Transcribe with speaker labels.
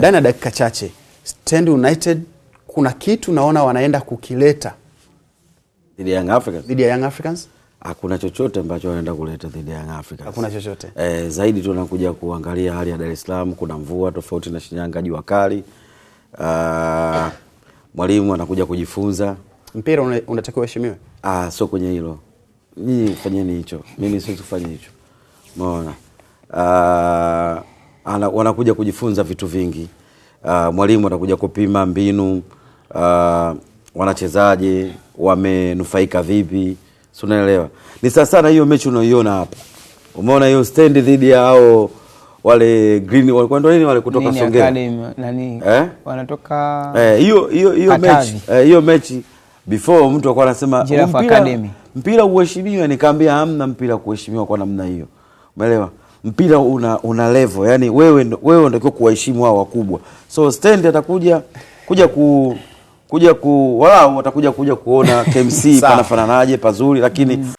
Speaker 1: Ndani ya dakika chache Stand United kuna kitu naona wanaenda kukileta
Speaker 2: dhidi ya Young Africans, dhidi ya Young Africans. Hakuna chochote ambacho wanaenda kuleta dhidi ya Young Africans,
Speaker 1: hakuna chochote
Speaker 2: eh, zaidi tunakuja kuangalia hali ya Dar es Salaam. Kuna mvua tofauti na Shinyanga, jua kali. Uh, mwalimu anakuja kujifunza
Speaker 1: mpira unatakiwa heshimiwe.
Speaker 2: Ah, sio kwenye hilo, nyinyi fanyeni hicho, mimi siwezi kufanya hicho, umeona uh, ana, wanakuja kujifunza vitu vingi. Uh, mwalimu anakuja kupima mbinu uh, wanachezaje wamenufaika vipi, si unaelewa? Ni sasa sana hiyo mechi unaoiona hapa, umeona hiyo stendi dhidi ya hao wale green walikuwa ndo nini wale kutoka Songea
Speaker 3: nani eh? wanatoka
Speaker 2: eh, hiyo hiyo hiyo mechi eh, hiyo eh, mechi before mtu alikuwa anasema
Speaker 3: mpira,
Speaker 2: mpira uheshimiwe, nikamwambia hamna mpira kuheshimiwa kwa namna hiyo, umeelewa? mpira una, una level yani, wewe wewe unatakiwa kuwaheshimu hao wakubwa. So stand atakuja kuja ku kuja ku walau watakuja kuja kuona KMC panafananaje pazuri, lakini mm.